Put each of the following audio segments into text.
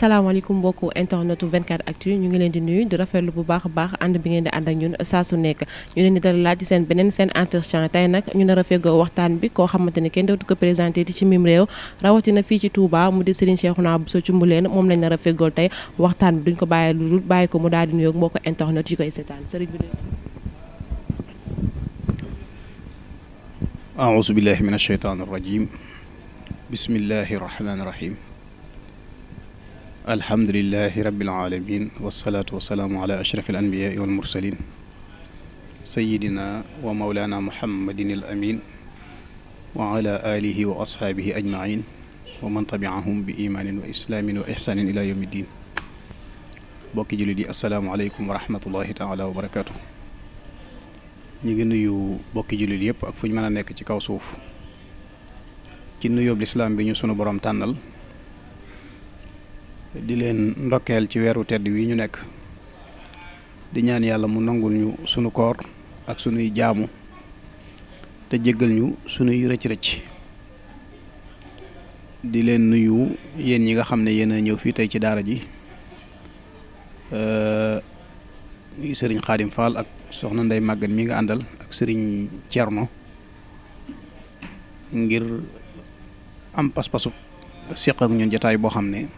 salaamaaleykum mbokku internetu 24 actu ñu ngi leen di nuyu di rafetlu bu baax a baax ànd bi ngeen di ànd ak ñun saa su nekk ñu leen di dalal ci seen beneen seen entretien tey nag ñu nar a feggoo waxtaan bi koo xamante ne kenn dootu ko présenté ci mim réew rawatina fii ci Touba mu di Serigne Cheikhouna Bousso Cumbuleen moom lañ nar a feggool tey waxtaan bi duñ ko bàyyi lu dul bàyyi ko mu daal di nuyoog mbokku internet yi koy seetaan Serigne bi aousu billahi min alcheytaan arrajim bismillahi rahmaani rahim alhamdulilahi rabbil alamin wasalaatu wasalaamu ala ashraf al anbiyaai wal mursalin wa maulana muhammadin al wa ala wa ashaabihi ajmain wa man tabiahum bi imaanin wa islaamin wa ihsaanin ila yawmi ddin wa barakaatu ñu ngi nuyu bokki jullit yépp ak fu ñu mën a nekk ci kaw suuf ci bi ñu sunu borom tànnal di leen ndokkeel ci weeru tedd wii ñu nekk di ñaan yàlla mu nangul ñu sunu koor ak sunuy jaamu te jéggal ñu sunuy rëcc-rëcc di leen nuyu yéen ñi nga xam ne yéen ñëw fii tey ci daara ji eh, sëriñ Xaadim ak soxna Ndey Màggat mi nga àndal ak sëriñ Cerno ngir am pas-pasu seq ak ñun jotaay boo xam ne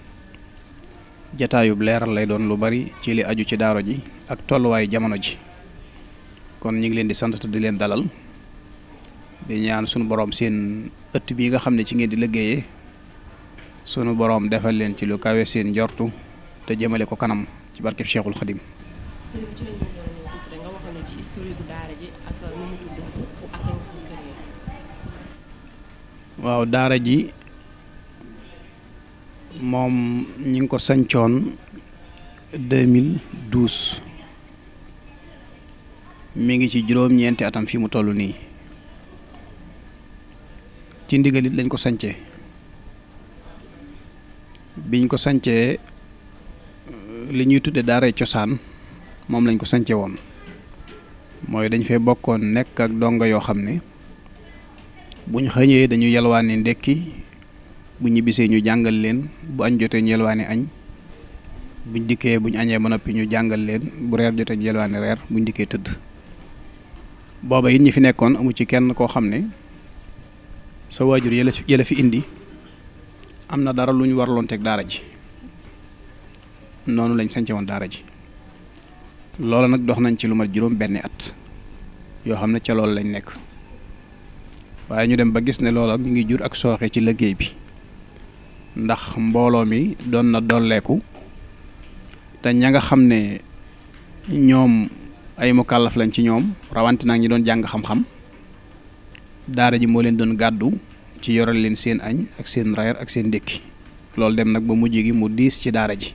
jataayub leeral lay doon lu bari ci li aju ci daaro ji ak tolluwaayu jamono ji kon ñu ngi leen di sant te di leen dalal di ñaan sunu boroom seen ëtt bi nga xam ne ci ngeen di liggéeyee sunu borom defal leen ci lu kawe seen njortu te jëmale ko kanam ci barkeb Cheikhul Khadim. waaw daara ji moom ñu ngi ko sancoon 2012 mi ngi ci juróom-ñeenti atam fi mu toll nii ci ndigalit lañ ko sancee biñ ko sancee li ñuy tudde daaray cosaan moom lañ ko sance woon mooy dañ fee bokkoon nekk ak donga yoo xam ne buñ xëñee dañu yalwaan ni ndekki bu ñibbisee ñu jàngal leen bu añ jotee ñu yelwaane añ buñ dikkee buñ añee ba noppi ñu jàngal leen bu reer jotee ñu yelwaane reer buñ dikkee tëdd booba it ñi fi nekkoon amu ci kenn koo xam ne sa waajur yële fi indi am na dara lu ñu warloon teg daara ji noonu lañ sance woon daara ji loola nag dox nañ ci lu mat juróom benni at yoo xam ne ca loolu lañ nekk waaye ñu dem ba gis ne loola mu ngi jur ak sooxe ci liggéey bi ndax mbooloo mi doon na dolleeku te ña nga xam ne ñoom ay mukallaf lañ ci ñoom rawante nag ñi doon jàng xam-xam daara ji moo leen doon gàddu ci yoral leen seen añ ak seen reer ak seen ndékki loolu dem nag ba mujj gi mu diis ci daara ji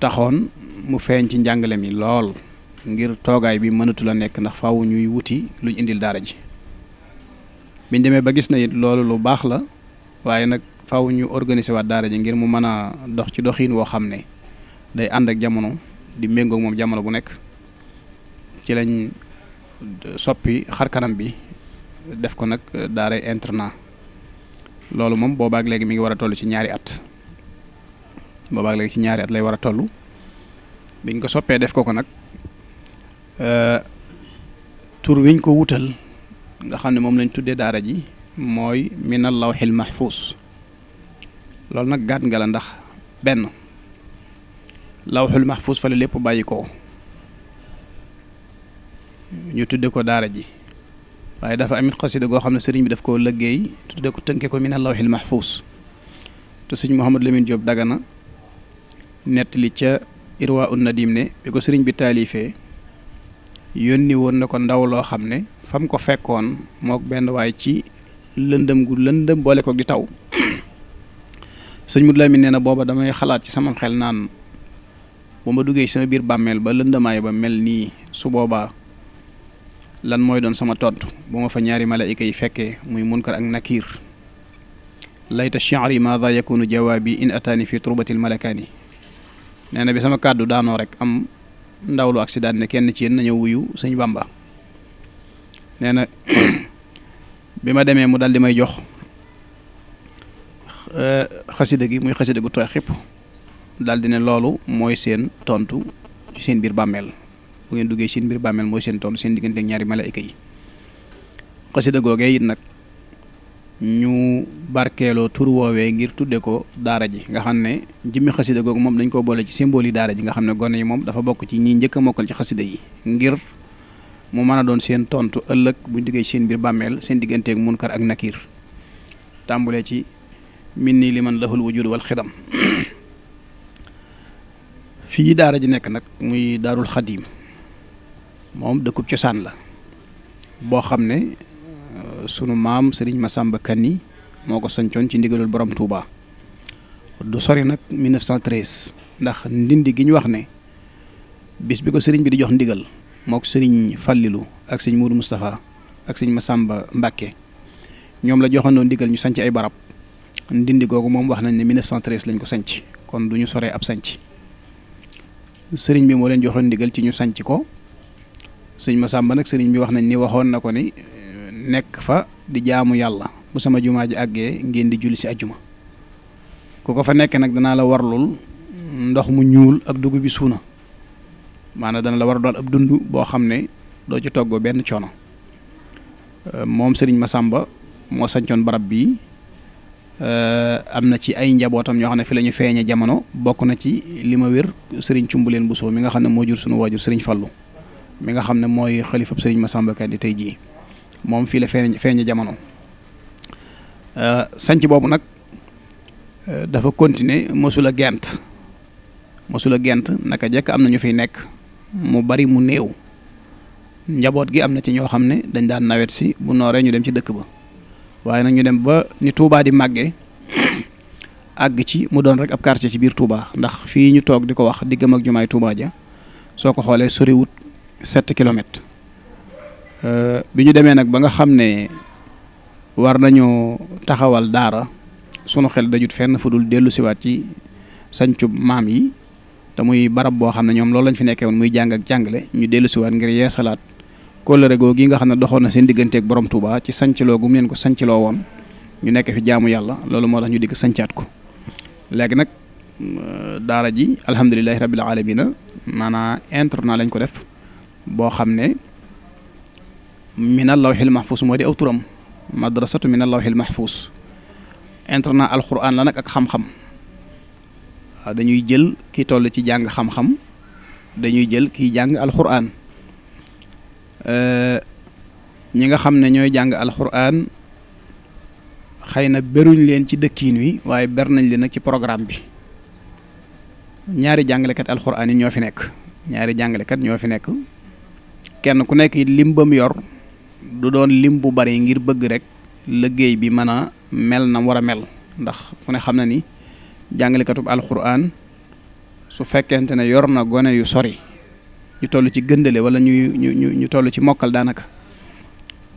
taxoon mu feeñ ci njàngale mi lool ngir toogaay bi mënatu la nekk ndax faaw ñuy wuti luñ indil daara ji biñ demee ba gis na it loolu lu baax la waaye nag faaw ñu organiser waat daara ji ngir mu mën a dox ci doxin woo xam ne day ànd ak jamono di méngoo moom jamono bu nekk ci lañ soppi xar kanam bi def ko nag daaray internat loolu moom boobaak léegi mi ngi war a toll ci ñaari at boobaak léegi ci ñaari at lay war a toll biñ ko soppee def ko ko nag eh, tur wiñ ko wutal nga xam ne moom lañ tuddee daara ji mooy minal lawhil mahfuz loolu nag gaat nga la ndax benn lawxul maxfuus fa la lépp bàyyi ko ñu tudde ko daara ji waaye dafa amit xasida goo xam ne sëriñ bi daf koo lëggéey tudde ko tënke ko minal lawxil maxfuus te sëñ Mouhamadou Lamine Diop na nettali ca irwa un nadim ne bi ko sëriñ bi taalifee yónni woon na ko ndaw loo xam ne fam ko fekkoon mook benn waay ci lëndëm gu lëndëm boole ko di taw sëñ Modou Lamine nee na booba damay xalaat ci sama xel naan bu ma duggee ci sama biir bàmmeel ba lëndamaay ba mel nii su boobaa lan mooy doon sama tontu bu ma fa ñaari malaayika yi fekkee muy munkar ak nakiir layta chiari maada yakunu jawaabi in ataani fi turbatil malakaani nee na bi sama kàddu daanoo rek am ndaw lu accident ne kenn ci yéen nañu wuyu sëñ Bamba nee na bi ma demee mu daal di may jox Eh, xasida gi muy xasida gu tooy xipp daal di ne loolu mooy seen tontu seen biir bàmmeel bu ngeen duggee seen biir bàmmeel mooy seen tontu seen diggante ñaari malaayka yi xasida googee it nag ñu barkeeloo tur woowee ngir tudde ko daara ji nga xam ne jëmmi xasida googu moom dañ ko boole ci symbole yi daara ji nga xam ne gone yi moom dafa bokk ci ñi njëkk a mokkal ci xasida yi ngir mu mën a doon seen tontu ëllëg buñ duggee ci seen biir bàmmeel seen digganteeg munkar ak nakiir tàmbulee ci min nii li man lahul wujud wal xidam fii daara ji nekk nag muy daarul xadim moom dëkkub cosaan la boo xam ne euh, sunu maam sëriñ ma Masamba Kanni moo ko sancoon ci ndigalul borom Touba du sori nag 1913 ndax ndindi gi wax ne bis bi ko sëriñ bi di jox ndigal moo ko sëriñ Fallilu ak sëñ Mourou mustafa ak sëñ Masamba Mbacke ñoom la joxandoo ndigal ñu sañc ay barab ndindi googu moom wax nañ ne 1913 lañ ko sanc kon du ñu soree ab sanc sëriñ bi moo leen joxoon ndigal ci ñu sanc ko sëñ Masamba nag sëriñ bi wax nañ ni waxoon na ko ni eh, nekk fa di jaamu yàlla bu sama jumaa ji àggee ngeen di julli si ajjuma ku ko fa nekkee nag danaa la warlul ndox mu ñuul ak dugub bi suuna maanaam dana la war a doon ab dund boo xam ne doo ci toggoo benn coono eh, moom sëriñ ma sàmba moo sancoon barab bii Euh, am na ci ay njabootam ñoo xam ne fi lañu ñu feeñe jamono bokk na ci li ma wér sëriñ Cumbuleen Bousso mi nga xam ne moo jur sunu waajur sëriñ Fallou mi nga xam ne mooy xalifab sëriñ Massamba Kanni tey jii moom fii la feeñ feeñe jamono euh, sanc boobu nag euh, dafa continuer mësula gent mësula gent naka jekk am na ñu fiy nekk mu bari mu néew njaboot gi am na ci ñoo xam ne dañ daan nawet si bu nooree ñu dem ci dëkk ba waaye nag ñu dem ba ñu tuubaa di màggee àgg ci mu doon rek ab quartier ci biir Touba ndax fii ñu toog di ko wax diggam ak jumaay Touba ja soo ko xoolee soriwut set kilomètres euh, bi ñu demee nag ba nga xam ne war nañoo taxawal daara sunu xel dajut fenn fu dul dellu siwaat ci sancub maam yi te muy barab boo xam ne ñoom loolu lañ fi nekkee woon muy jàng ak jàngale ñu dellu siwaat ngir salaat kóllëre googu yi nga xam ne doxoon na seen digganteeg borom Touba ci sancloo gum leen ko sancloo woon ñu nekk fi jaamu yàlla loolu moo tax ñu digg sancaat ko léegi nag euh, daara ji alhamdulilahi rabbil alamina maanaa internat lañ ko def boo xam ne mi na min allawhil mahfuus moo di aw turam madrasatu min allawhil mahfuus internat alquran la nag ak xam-xam dañuy jël ki toll ci jàng xam-xam dañuy jël kiy jàng alquran Euh, ñi nga xam ne ñooy jàng alxuraan xëy na beruñ leen ci dëkkiin wi waaye ber nañ leen nag ci programme bi ñaari jàngalekat alxuraan yi ñoo fi nekk ñaari jàngalekat ñoo fi nekk kenn ku nekk lim ba mu yor du doon lim bu bari ngir bëgg rek liggéey bi mën a mel na war a mel ndax ku ne xam na ni jàngalekatub alxuraan su fekkente ne yor na gone yu sori ñu toll ci gëndale wala ñuy ñu ñu ñu toll ci mokkal daanaka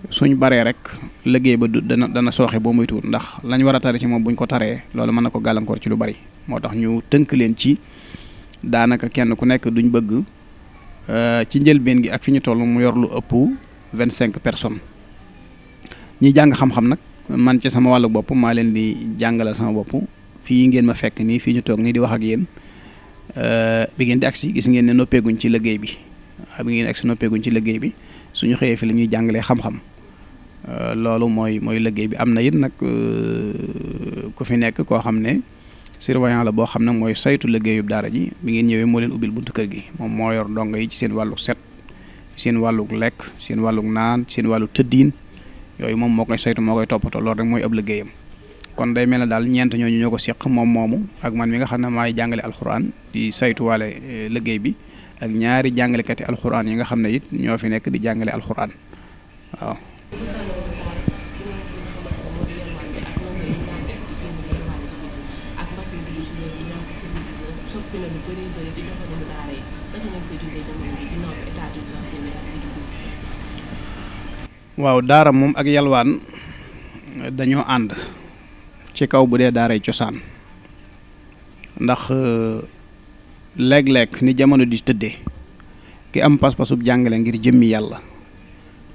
suñ baree rek liggéey ba du dana dana sooxe boo muy tuur ndax lañ war a tare ci moom buñ ko taree loolu mën na ko gàllankoor ci lu bari moo tax ñu tënk leen ci daanaka kenn ku nekk duñ bëgg euh, ci njëlbeen gi ak fi ñu toll mu yor lu ëpp vingt cinq personnes ñi jàng xam-xam nag man ci sama wàllu bopp maa leen di jàngalal sama bopp fii ngeen ma fekk nii fii ñu toog nii di wax ak yéen. Euh, bi ngeen di agsi gis ngeen ne noppeeguñ ci liggéey bi bi ngeen agsi noppeeguñ ci liggéey bi suñu xëyee fi la ñuy jàngalee xam-xam euh, loolu mooy mooy liggéey bi am na yit nag euh, ku fi nekk koo xam ne surveillant la boo xam ne mooy saytu liggéeyub daara ji bi ngeen ñëwee moo leen ubbil buntu kër gi moom moo yor ndongo yi ci seen wàllu set seen wàlluk lekk seen wàlluk naan seen wàllu tëddiin yooyu moom moo koy saytu moo koy toppatoo loolu rek mooy ab liggéeyam kon day mel daal ñeent ñooñu ñoo ko seq moom moomu ak man mi nga xam ne maay jàngale alxuraan di saytuwaale eh, liggéey bi ak ñaari jàngalekati alxuraan yi nga xam ne it ñoo fi nekk di jàngale waaw daara moom ak yalwaan dañoo ànd ci kaw bu dee daaray cosaan ndax euh, léeg lekk ni jamono di tëdde ki am pas-pasub jàngale ngir jëmmi yàlla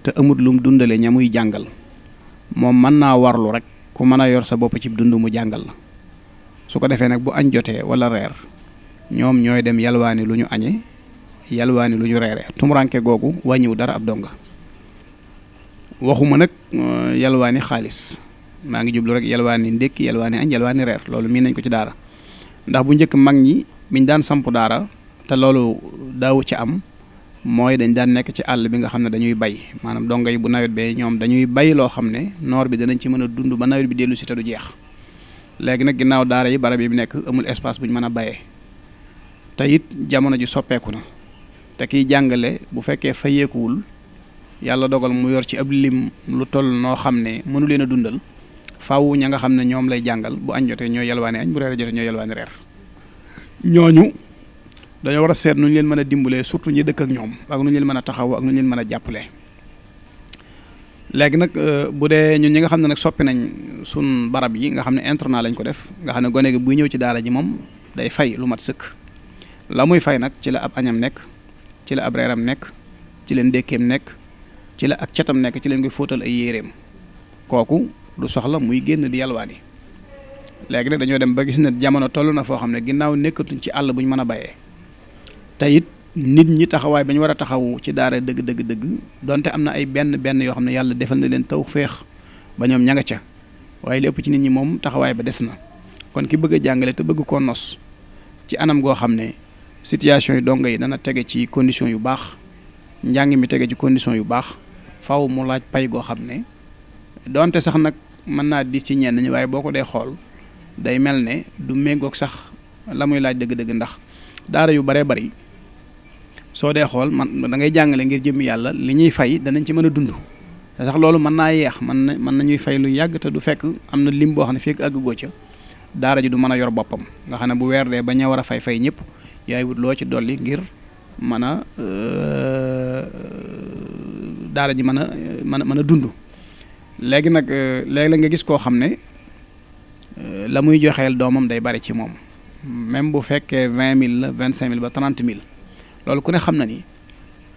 te amut lum dundale ña muy jàngal moom mën naa warlu rek ku mën a yor sa bopp ci dund mu jàngal la su ko defee nag bu añ jotee wala reer ñoom ñooy dem yalwaani lu ñu añe yalwaani lu ñu reere tumuranke googu wàññiwu dara ab donga waxuma nag euh, yalwaani xaalis maa ngi jublu rek yalwaani ndékki yalwaani añ yalwaani reer loolu mii nañ ko ci daara ndax bu njëkk mag ñi biñ daan samp daara te loolu daawu ci am mooy dañ daan nekk ci àll bi nga xam ne dañuy bay maanaam donga yi bu nawet bee ñoom dañuy bay loo xam ne noor bi danañ ci mën a dund ba nawet bi dellu si te du jeex léegi nag ginnaaw daara yi barab yi nekk amul espace bu ñu mën a bayee te it jamono ji soppeeku na te kiy jàngale bu fekkee fayeekuwul yàlla dogal mu yor ci ab lim lu toll noo xam ne mënu leen a dundal faaw ña nga xam ne ñoom lay jàngal bu añ jotee ñooy yalwaane bu reer jotee ñooy ñooñu dañoo war seet nu ñu leen mën a dimbalee surtout ñu dëkk ak ñoom ak nu ñu leen mën a taxaw ak nu ñu leen mën a jàppale. léegi nag euh, bu dee ñun ñi nga xam ne nag soppi nañ sun barab yi nga xam ne internat lañ ko def nga xam ne gone gi buy ñëw ci daara ji moom day fay lu mat sëkk la muy fay nag ci la ab añam nekk ci la ab reeram nekk ci leen ndékkeem nekk ci la ak cetam nekk ci leen koy fóotal ay yéeréem kooku du soxla muy génn di yi léegi nag dañoo dem ba gis ne jamono toll na foo xam ne ginnaaw nekkatuñ ci àll bu ñu mën a bayee te it nit ñi taxawaay ba ñu war a taxawu ci daara dëgg dëgg dëgg donte am na ay benn benn yoo xam ne yàlla defal na leen taw féex ba ñoom ña nga ca waaye lépp ci nit ñi moom taxawaay ba des na kon ki bëgg a jàngale te bëgg koo nos ci anam goo xam ne situation yi donga yi dana tege ci condition yu baax njàng mi tege ci condition yu baax faw mu laaj pay goo xam ne mën naa diis ci ñeen ñi waaye boo ko dee xool day mel ne du méngoog sax la muy laaj dëgg-dëgg ndax daara yu baree bari soo dee xool man da ngay jàngale ngir jëmm yàlla li ñuy fay danañ ci mën a dund te sax loolu mën naa yeex man na mën ñuy fay lu yàgg te du fekk am na lim boo xam ne fekk àgg goo ca daara ji du mën a yor boppam nga xam ne bu weer dee ba ña war a fay fay ñëpp yaay wut loo ci dolli ngir mën a euh, daara ji mën a mën a mën a dund léegi nag euh, léegi la nga gis koo xam ne euh, la muy joxeel doomam day bari ci moom même bu fekkee vingt mille la vingt cinq mille ba trente mille loolu ku ne xam na ni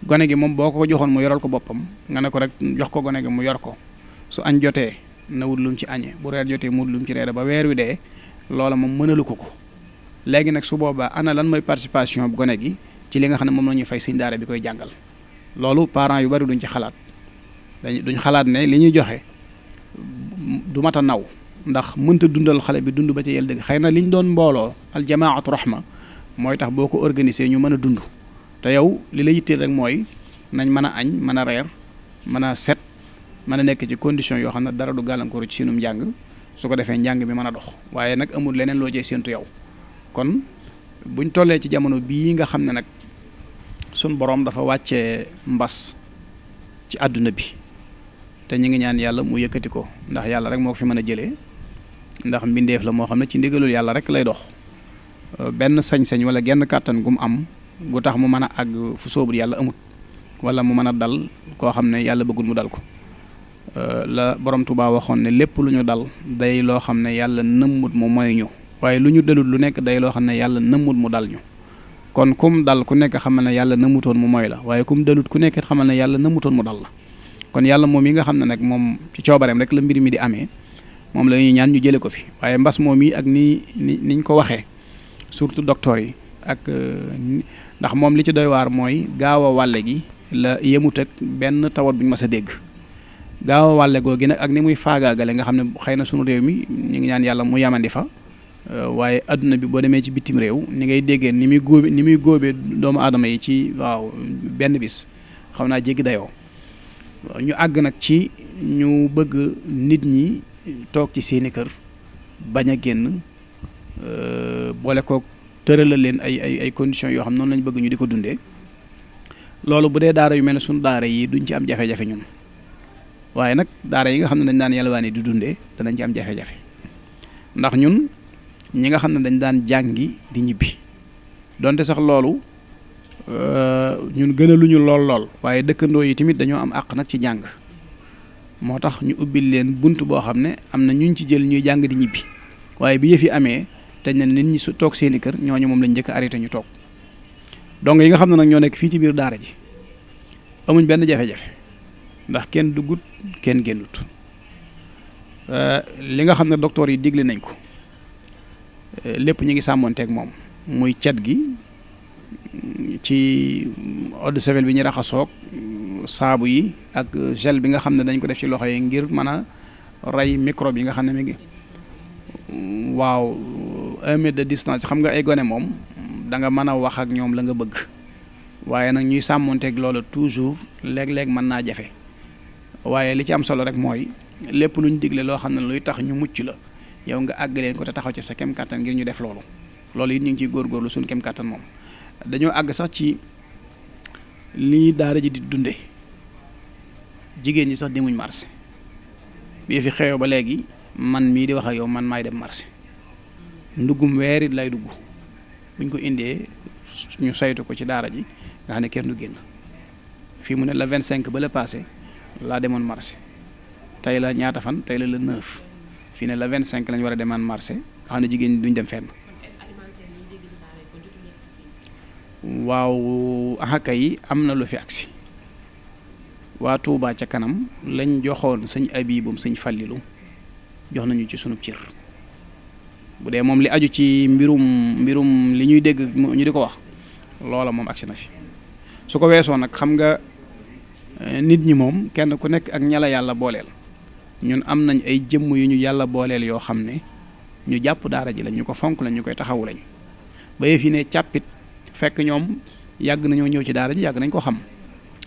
gone gi moom boo ko joxoon mu yoral ko boppam nga ne ko rek jox ko gone gi mu yor ko su añ jotee na wut lum ci añee bu reer jotee mut lum ci reere ba weer wi dee loola moom mënalu ko ko léegi nag su boobaa ana lan mooy participation gone gi ci li nga xam ne moom la ñuy fay sëñ daara bi koy jàngal loolu parents yu bari duñ ci xalaat. dañ duñ xalaat ne li ñuy joxe du mat a naw ndax mënta dundal xale bi dund ba ci yel dëgg xëy na liñ doon mbooloo aljamaatu rahma mooy tax boo ko organisé ñu mën a dund te yow li la yitteel rek mooy nañ mën a añ mën a reer mën a set mën a nekk ci condition yoo xam ne dara du gàllankooru ci seenum njàng su ko defee njàng mi mën a dox waaye nag amul leneen loo jeey séentu yow kon buñ tollee ci jamono bii nga xam ne nag suñ boroom dafa wàccee mbas ci àdduna bi te ñu ngi ñaan yàlla mu yëkkati ko ndax yàlla rek moo ko fi mën a jëlee ndax mbindeef la moo xam ne ci ndigalul yàlla rek lay dox euh, benn sañ-sañ wala genn kàttan gu mu am gu tax mu mën a àgg fu sóobul yàlla amut wala mu mën a dal koo xam ne yàlla bëggul mu dal ko euh, la borom Tuubaa waxoon ne lépp lu ñu dal day loo xam ne yàlla nëmmut mu moy ñu waaye lu ñu dalul lu nekk day loo xam ne yàlla nëmmut mu dal ñu kon kum dal ku nekk xamal ne yàlla nëmmutoon mu moy la waaye kum dalut ku nekk xamal ne yàlla nëmmutoon mu dal la kon yàlla moom yi nga xam ne nag moom ci coobareem rek la mbir mi di amee moom la ñuy ñaan ñu jëlee ko fi waaye mbas moom yi ak ni ni niñ ko waxee surtout docteur yi ak euh, ndax moom li ci doy waar mooy gaaw wàlle gi la yemut ak benn tawat bu ñu mës a dégg gaaw a wàlle googi nag ak ni muy faagaagale nga xam ne xay na sunu réew mi ñu ngi ñaan yàlla mu yamandi fa euh, waaye àdduna bi boo demee ci bitim réew ni ngay déggee ni muy góobe ni muy góobee doomu aadama yi ci waaw benn bis xam naa jéggi dayoo ñu àgg nag ci ñu bëgg nit ñi toog ci seeni kër bañ a génn euh, boole kook tërala leen ay ay ay conditions yoo xam noonu lañ bëgg ñu di ko dundee loolu bu dee daara yu mel ne suñ daara yi duñ ci am jafe-jafe ñun waaye nag daara yi nga xam ne dañ daan yalwaani di dundee danañ ci am jafe-jafe ndax ñun ñi nga xam ne dañ daan jàngi di ñibbi donte sax loolu ñun gënaluñu lool lool waaye dëkkandoo yi tamit dañoo am àq nag ci jàng moo tax ñu ubbil leen bunt boo xam ne am na ñu ci jël ñuy jàng di ñibbi waaye bi yëf yi amee te ne nit ñi su toog seen i kër ñooñu moom lañ njëkk arrêté ñu toog donc yi nga xam ne nag ñoo nekk fii ci biir daara ji amuñ benn jafe-jafe ndax kenn duggut kenn génnut li nga xam ne docteur yi digle nañ ko lépp ñu ngi sàmmoonteeg moom muy cet gi ci eau de bi ñu raxasoog saabu yi ak gel bi nga xam ne dañ ko def ci loxo yi ngir mën a rey microbe yi nga xam ne mi ngi waaw un mètre de distance xam nga ay gone moom da nga mën a wax ak ñoom la nga bëgg waaye nag ñuy sàmmonteeg loolu toujours léeg-léeg mën naa jafe waaye li ci am solo rek mooy lépp lu ñu digle loo xam ne luy tax ñu mucc la yow nga àgg leen ko te taxaw ci sa kem kàttan ngir ñu def loolu loolu it ñu ngi ciy góorgóorlu suñu kem kàttan moom dañoo àgg sax ci lii daara ji di dunde jigéen ñi sax demuñ marché bii fi xew ba léegi man mii di wax ak yow man maay dem marché ndugum weerit lay dugg buñ ko indee ñu saytu ko ci daara ji nga xam ne kenn du génn fii mu ne la vingt cinq ba la passé laa demoon marché tey la ñaata fan tey la le neuf fii ne la vingt cinq lañu war a demaan marché nga xam ne jigéen ñi duñ dem fenn waaw axaka yi am na lu fi agsi waa tuubaa ca kanam lañ joxoon sëñ abibum sëñ fàllilu jox nañu ci sunub cër bu dee moom li aju ci mbirum mbirum li ñuy dégg ñu di ko wax loola moom agsi na fi su ko weesoo nag xam nga eh, nit ñi moom kenn ku nekk ak ñala yàlla booleel ñun am nañ ay jëmm yu ñu yàlla booleel yoo xam ne ñu jàpp daara ji lañ ñu ko fonk lañ ñu koy taxawu lañ ba yëf yi ne càppit fekk ñoom yàgg nañoo ñëw ci daara ji yàgg nañ ko xam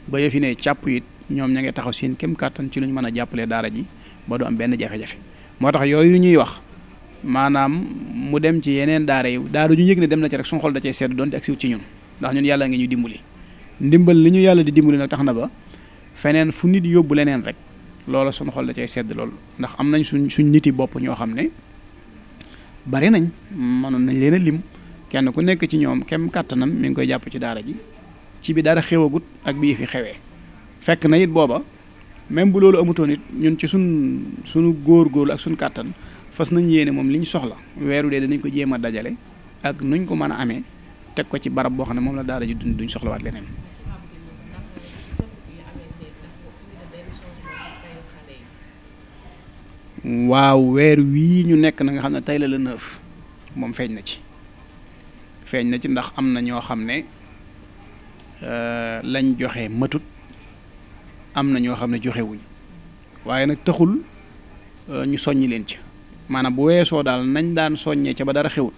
ba yëfi ne càpp it ñoom ña ngi taxaw seen kem kàttan ci lu ñu mën a jàppalee daara ji ba du am benn jafe-jafe moo tax yooyu ñuy wax maanaam mu dem ci yeneen daara yi daara ñu yëg ne dem na ci rek suñu xol da cay sedd doonte ak siwut ci ñun ndax ñun yàlla ngi ñu dimbali ndimbal li ñu yàlla di dimbali nag tax na ba feneen fu nit yóbbu leneen rek loola suñu xol da cee sedd loolu ndax am nañ suñ suñ niti bopp ñoo xam ne bari nañ mënoon nañ leen lim kenn ku nekk ci ñoom kem kàttanam mi ngi koy jàpp ci daara ji ci bi dara xewagut ak bii fi xewee fekk na it booba même bu loolu amutoon it ñun ci sun sunu góor-góorlu ak suñ kàttan fas nañ yéene moom li ñu soxla weeru dee danañ ko jéem a dajale ak nuñ ko mën a amee teg ko ci barab boo xam ne moom la daara ji duñ duñ soxlawaat leneen. waaw weer wii ñu nekk na nga xam ne tey la la neuf moom feeñ na ci. feeñ na ci ndax am na ñoo xam ne euh, lañ joxe matut am na ñoo xam ne joxewuñ waaye nag taxul euh, ñu soññi leen ci maanaam bu weesoo daal nañ daan soññee ca ba dara xewul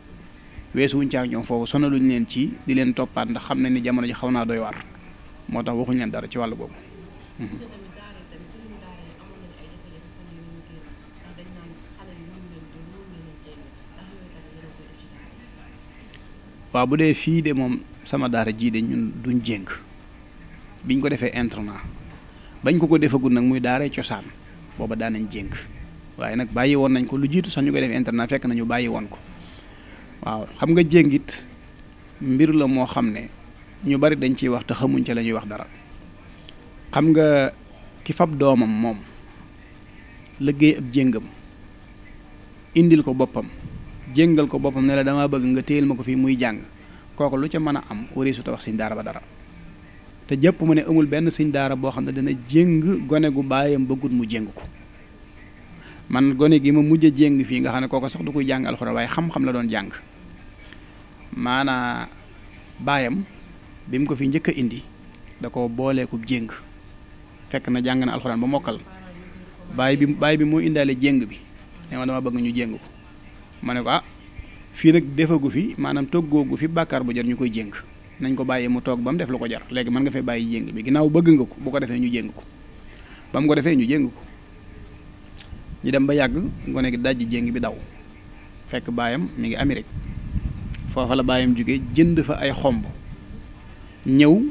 weesuwuñ ci ak ñoom foofu sonaluñ leen ci di leen toppaat ndax xam ne ni jamono ji xaw naa doy waar moo tax waxuñ leen dara ci wàllu boobu mhm. waaw bu dee fii de moom sama daara jii de ñun duñ jéng biñ ko defee internat bañ ko ko defagul nag muy daaree cosaan booba daanañ nañ waaye nag bàyyi woon nañ ko lu jiitu sax ñu koy def internat fekk nañu bàyyi woon ko waaw xam nga jéngit mbir la moo xam ne ñu bari dañ ciy wax te xamuñ ca lañuy wax dara xam nga ki fab doomam moom liggéey ab jéngam indil ko boppam jéngal ko boppam ne la damaa bëgg nga téyel ma ko fii muy jàng kooku lu ca mën a am wari su ta wax sëñ daara ba dara te jëpp mu ne amul benn sëñ daara boo xam ne dana jéng gone gu baayam bëggut mu jéng ko man gone gi ma mujj a jéng fii nga xam ne kooku sax du koy jàng alxuraan waaye xam-xam la doon jàng maanaa baayam bi mu ko fi njëkk a indi da ko booleeku jéng fekk na jàng na alxuraan ba mokkal baay bi baay bi moo indaale jéng bi ne ma dama bëgg ma ne ko ah fii nag defagu fi maanaam toggoogu fi bàkkaar bu jar ñu koy jéng nañ ko bàyyi mu toog ba mu def lu ko jar léegi mën nga fee bàyyi jéng bi ginnaaw bëgg nga ko bu ko defee ñu jéng ko ba ko defee ñu jéng ko ñu dem ba yàgg gone gi dajji jéng bi daw fekk baayam mu ngi Amérique foofa la baayam jóge jënd fa ay xomb ñëw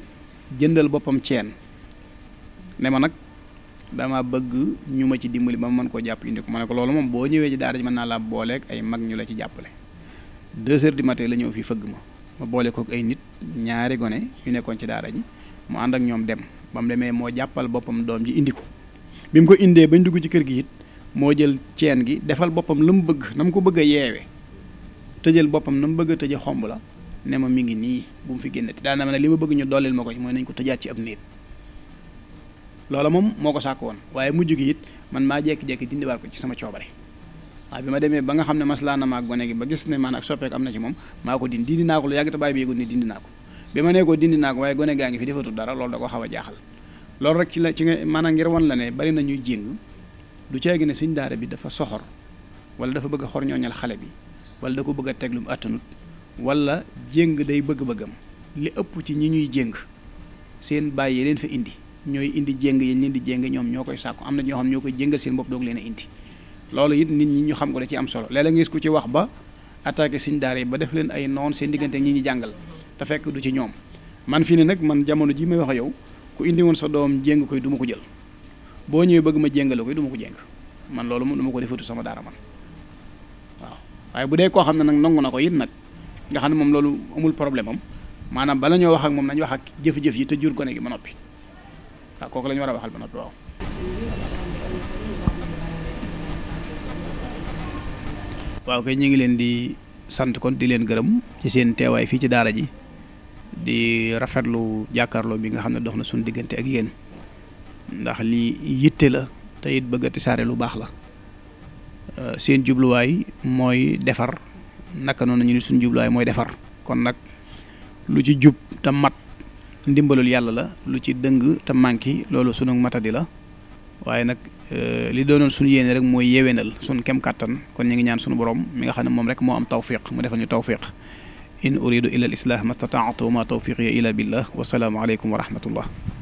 jëndal boppam ceen ne ma nag dama bëgg ñu ma ci dimbali ba ma mën koo jàpp indi ko ma ne ko loolu moom boo ñëwee ci daara ji mën naa laa booleeg ay mag ñu la ci jàppale deux heures du matin la ñëw fii fëgg ma ma boole ko ay nit ñaari gone yu nekkoon ci daara ji mu ànd ak ñoom dem ba mu demee moo jàppal boppam doom ji indi ko bi mu ko indee bañ dugg ci kër gi it moo jël ceen gi defal boppam la mu bëgg na mu ko bëgg a yeewe tëjal boppam na mu bëgg a tëje xomb la ne ma mi ngi nii bu mu fi génnati daana li ma bëgg ñu dollil ma ko ci nañ ko tëjaat ci ab néeg loola moom moo ko sàkk woon waaye mujj gi it man maa jekki-jekki dindiwaat ko ci sama coobare waaw bi ma demee ba nga xam ne maslaa na maag gone gi ba gis ne man ak soppeek am na ci moom maa ko dindi dindi naa ko lu yàgg te bàyyi bi yëgul ne dindi naa ko bi ma nee ko dindi naa ko waaye gone gaa ngi fi defatul dara loolu da ko xaw a jaaxal loolu rek ci la ci nga maanaam ngir wan la ne bari na ñuy jéng du caagi ne suñ daara bi dafa soxor wala dafa bëgg a xor ñooñal xale bi wala da ko bëgg a teg mu attanut wala jéng day bëgg-bëggam li ëpp ci ñi ñuy jéng seen bàyyi leen fa indi ñooy indi jéng yi leen di jéng ñoom ñoo koy sàkku am na ñoo xam ñoo koy jéngal seen bopp doog leen a indi loolu it nit ñi ñu xam ko da ci am solo léeg-léeg nga gis ku ci wax ba attaqué suñ daara yi ba def leen ay noon seen diggante ñi ñu jàngal te fekk du ci ñoom man fii ne nag man jamono ji may wax a yow ku indi woon sa doom jéng koy duma ko jël boo ñëwee bëgg ma jéngale koy du ma ko jéng man loolu moom du ko defatu sama daara man waaw waaye bu dee koo xam ne nag nangu na ko it nag nga xam ne moom loolu amul problème am maanaam bala ñoo wax ak moom nañ wax ak jëf yi te jur gone gi ma noppi waaw ah, kooku la ñu war a waxal ñu ngi leen di sant kon di leen gërëm ci seen teewaay fii ci daara ji di rafetlu jàkkaarloo bi nga xam ne dox na suñ diggante ak yéen ndax lii yitte la te it bëgg a lu baax la euh, seen jubluwaay mooy defar naka noonu ñu ni suñu jubluwaay mooy defar kon nag lu ci jub te mat. ndimbalul yàlla la lu ci dëng te manqué loolu sunu matadi la waaye nag e, li doonoon suñu yéene rek mooy yéwenal suñ kem kàttan kon ñu ngi ñaan suñu borom mi nga xam ne moom rek moo am tawfiq mu defal ñu tawfiq in uridu ila al islah mastataatu ma tawfiqiya ila billah wasalaamu aleykum wa rahmatullah